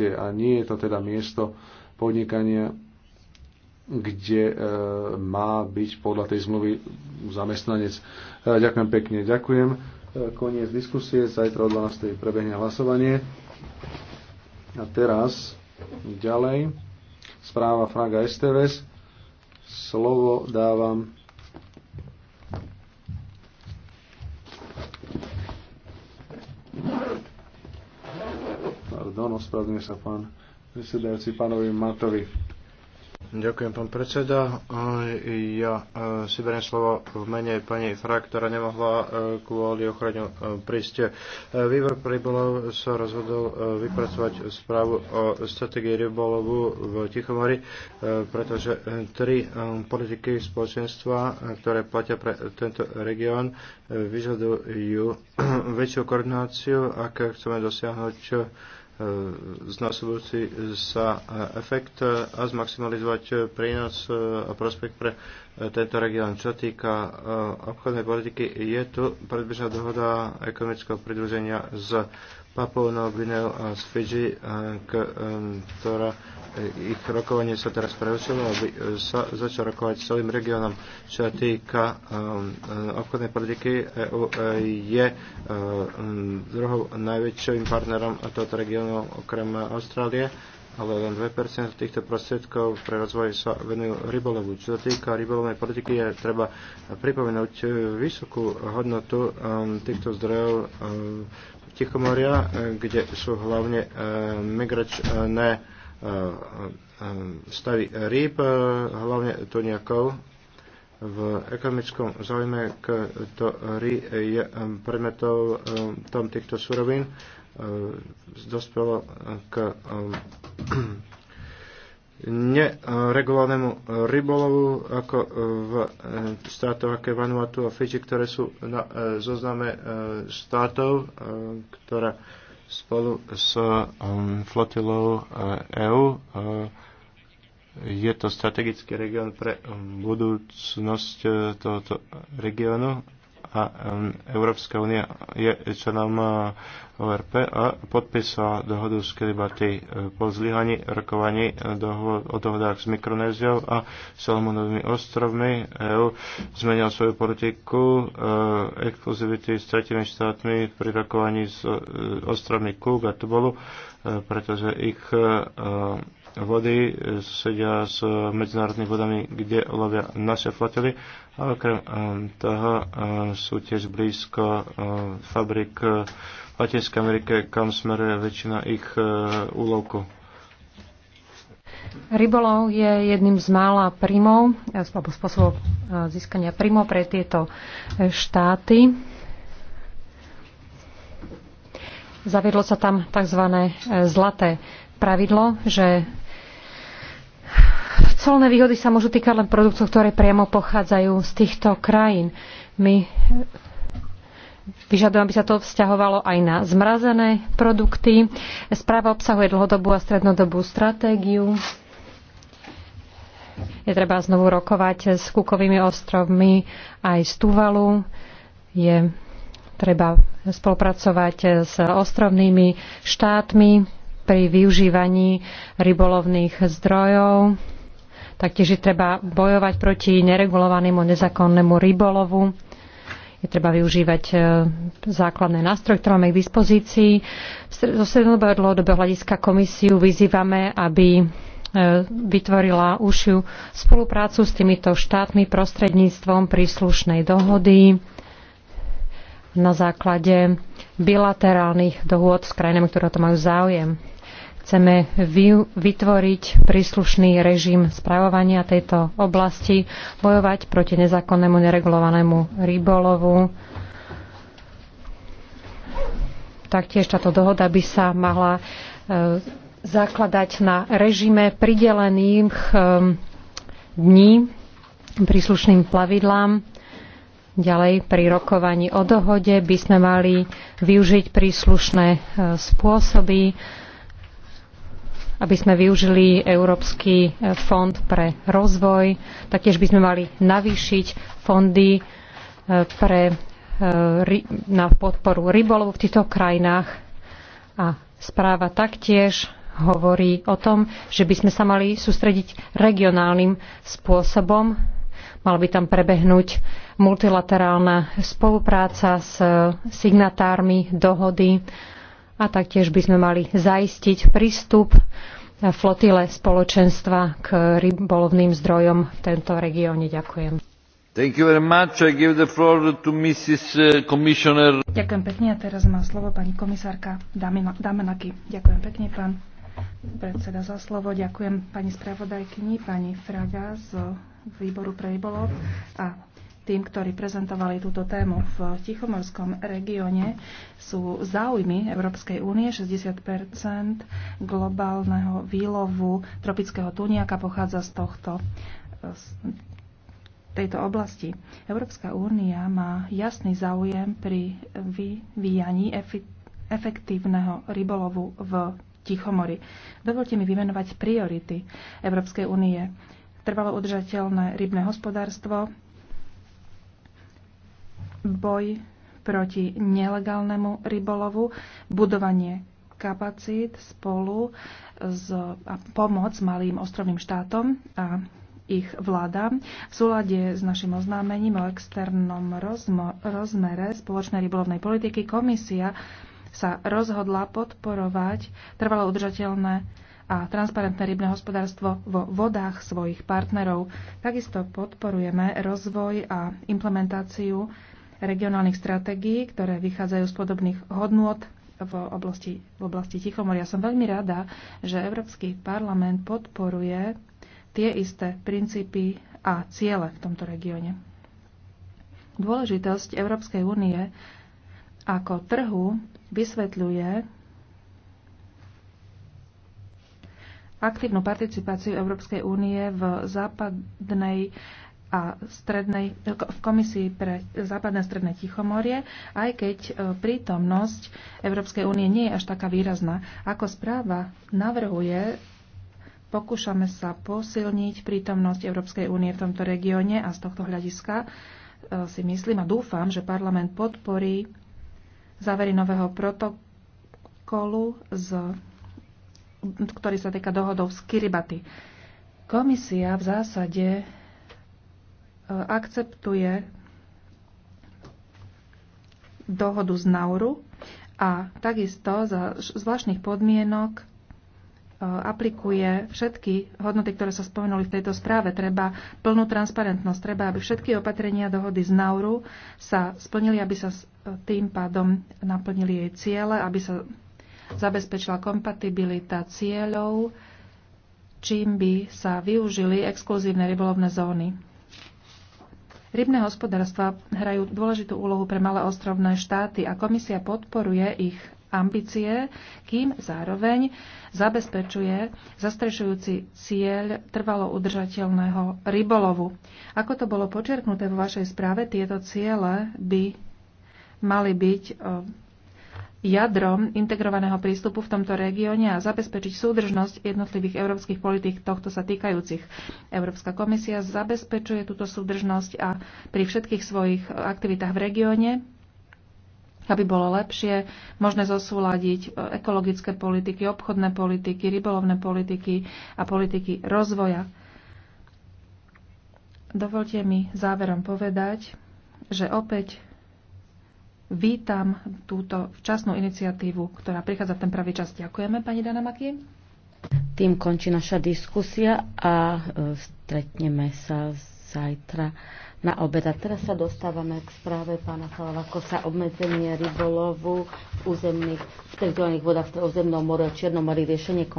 a nie je to teda miesto podnikania, kde e, má byť podľa tej zmluvy zamestnanec. E, ďakujem pekne, ďakujem. E, koniec diskusie, zajtra o 12. prebehne hlasovanie. A teraz ďalej. Správa Fraga STVS. Slovo dávam Ospravedlňuje sa pán predsedajúci pánovi Matovi. Ďakujem, pán predseda. Ja e, si beriem slovo v mene pani Fra, ktorá nemohla e, kvôli ochraňu e, prísť. Výbor pre rybolov sa rozhodol vypracovať správu o strategii rybolovu v Tichomori, pretože tri politiky spoločenstva, ktoré platia pre tento región, vyžadujú väčšiu koordináciu, ak chceme dosiahnuť E, znásobujúci sa efekt a zmaximalizovať prínos e, a prospekt pre e, tento región. Čo týka obchodnej politiky, je tu predbežná dohoda ekonomického pridruženia z Papou Novinou a z Fidži, ktorá E, ich rokovanie sa teraz preusilo, aby e, sa začal rokovať s celým regiónom. Čo sa týka um, e, obchodnej politiky, EU je um, druhou najväčším partnerom tohto regiónu okrem Austrálie ale len 2% týchto prostriedkov pre rozvoj sa venujú rybolovu. Čo sa týka rybolovnej politiky, je treba pripomenúť vysokú hodnotu um, týchto zdrojov Tichomoria, kde sú hlavne migračné stavy rýb, hlavne nejakou V ekonomickom záujme, ktorý je predmetov e, tom týchto surovín, e, dospelo k e, neregulovanému rybolovu, ako v státoch ako Vanuatu a Fiji, ktoré sú na zozname štátov, ktoré spolu s um, flotilou Uh, Je to strategický region pre um, budúcnosť eh, tohoto regiónu a Európska únia je členom e, ORP a podpísala dohodu s Kiribati e, po zlyhaní rokovaní e, o dohodách s Mikronéziou a Salomonovými ostrovmi. EU zmenila svoju politiku exkluzivity s tretimi štátmi pri rokovaní s ostrovmi Kúb a Tubolu, pretože ich vody e, sedia s medzinárodnými vodami, kde lovia naše flotily. A okrem e, toho e, sú tiež blízko fabrik v Latinskej Amerike, kam smeruje väčšina ich úlovku. Rybolov je jedným z mála príjmov, alebo spôsobov získania príjmov pre tieto štáty. Zaviedlo sa tam tzv. zlaté pravidlo, že colné výhody sa môžu týkať len produktov, ktoré priamo pochádzajú z týchto krajín. My Vyžadujem, aby sa to vzťahovalo aj na zmrazené produkty. Správa obsahuje dlhodobú a strednodobú stratégiu. Je treba znovu rokovať s Kukovými ostrovmi aj z Tuvalu. Je treba spolupracovať s ostrovnými štátmi pri využívaní rybolovných zdrojov Taktiež je treba bojovať proti neregulovanému nezákonnému rybolovu. Je treba využívať e, základné nástroje, ktoré máme k dispozícii. Zo strednodobého dlhodobého hľadiska komisiu vyzývame, aby e, vytvorila užšiu spoluprácu s týmito štátmi prostredníctvom príslušnej dohody na základe bilaterálnych dohôd s krajinami, ktoré to majú záujem. Chceme vytvoriť príslušný režim správovania tejto oblasti, bojovať proti nezákonnému neregulovanému rybolovu. Taktiež táto dohoda by sa mala e, zakladať na režime pridelených e, dní príslušným plavidlám. Ďalej pri rokovaní o dohode by sme mali využiť príslušné e, spôsoby, aby sme využili Európsky e, fond pre rozvoj. Taktiež by sme mali navýšiť fondy e, pre, e, na podporu rybolov v týchto krajinách. A správa taktiež hovorí o tom, že by sme sa mali sústrediť regionálnym spôsobom. Mala by tam prebehnúť multilaterálna spolupráca s signatármi dohody a taktiež by sme mali zaistiť prístup flotile spoločenstva k rybolovným zdrojom v tento regióne. Ďakujem. Thank you very much. I give the floor to Mrs. Uh, Commissioner. Ďakujem pekne a teraz má slovo pani komisárka Damenaki. Ďakujem pekne, pán predseda, za slovo. Ďakujem pani spravodajkyni, pani Fraga z výboru pre rybolov a tým, ktorí prezentovali túto tému v Tichomorskom regióne, sú záujmy Európskej únie. 60 globálneho výlovu tropického tuniaka pochádza z tohto z tejto oblasti. Európska únia má jasný záujem pri vyvíjaní efektívneho rybolovu v Tichomori. Dovolte mi vymenovať priority Európskej únie. Trvalo udržateľné rybné hospodárstvo, boj proti nelegálnemu rybolovu, budovanie kapacít spolu s, a pomoc malým ostrovným štátom a ich vláda. V súlade s našim oznámením o externom rozmo- rozmere spoločnej rybolovnej politiky komisia sa rozhodla podporovať trvalo udržateľné a transparentné rybné hospodárstvo vo vodách svojich partnerov. Takisto podporujeme rozvoj a implementáciu regionálnych stratégií, ktoré vychádzajú z podobných hodnôt v oblasti, v oblasti Tichomoria. Som veľmi rada, že Európsky parlament podporuje tie isté princípy a ciele v tomto regióne. Dôležitosť Európskej únie ako trhu vysvetľuje aktívnu participáciu Európskej únie v západnej a strednej, v Komisii pre západné a stredné Tichomorie, aj keď e, prítomnosť Európskej únie nie je až taká výrazná. Ako správa navrhuje, pokúšame sa posilniť prítomnosť Európskej únie v tomto regióne a z tohto hľadiska e, si myslím a dúfam, že parlament podporí závery nového protokolu, z, ktorý sa týka dohodov z Kiribati. Komisia v zásade akceptuje dohodu z Nauru a takisto za zvláštnych podmienok e, aplikuje všetky hodnoty, ktoré sa spomenuli v tejto správe. Treba plnú transparentnosť, treba, aby všetky opatrenia dohody z Nauru sa splnili, aby sa e, tým pádom naplnili jej ciele, aby sa zabezpečila kompatibilita cieľov, čím by sa využili exkluzívne rybolovné zóny. Rybné hospodárstva hrajú dôležitú úlohu pre malé ostrovné štáty a komisia podporuje ich ambície, kým zároveň zabezpečuje zastrešujúci cieľ trvalo udržateľného rybolovu. Ako to bolo počerknuté vo vašej správe, tieto ciele by mali byť eh, jadrom integrovaného prístupu v tomto regióne a zabezpečiť súdržnosť jednotlivých európskych politík tohto sa týkajúcich. Európska komisia zabezpečuje túto súdržnosť a pri všetkých svojich aktivitách v regióne aby bolo lepšie možné zosúľadiť e, ekologické politiky, obchodné politiky, rybolovné politiky a politiky rozvoja. Dovolte mi záverom povedať, že opäť vítam túto včasnú iniciatívu, ktorá prichádza v ten pravý čas. Ďakujeme, pani Dana Maki. Tým končí naša diskusia a e, stretneme sa zajtra na obed. A teraz sa dostávame k správe pána Chalavakosa obmedzenie rybolovu v územných, v vodách v územnom more, Čiernom mori, riešenie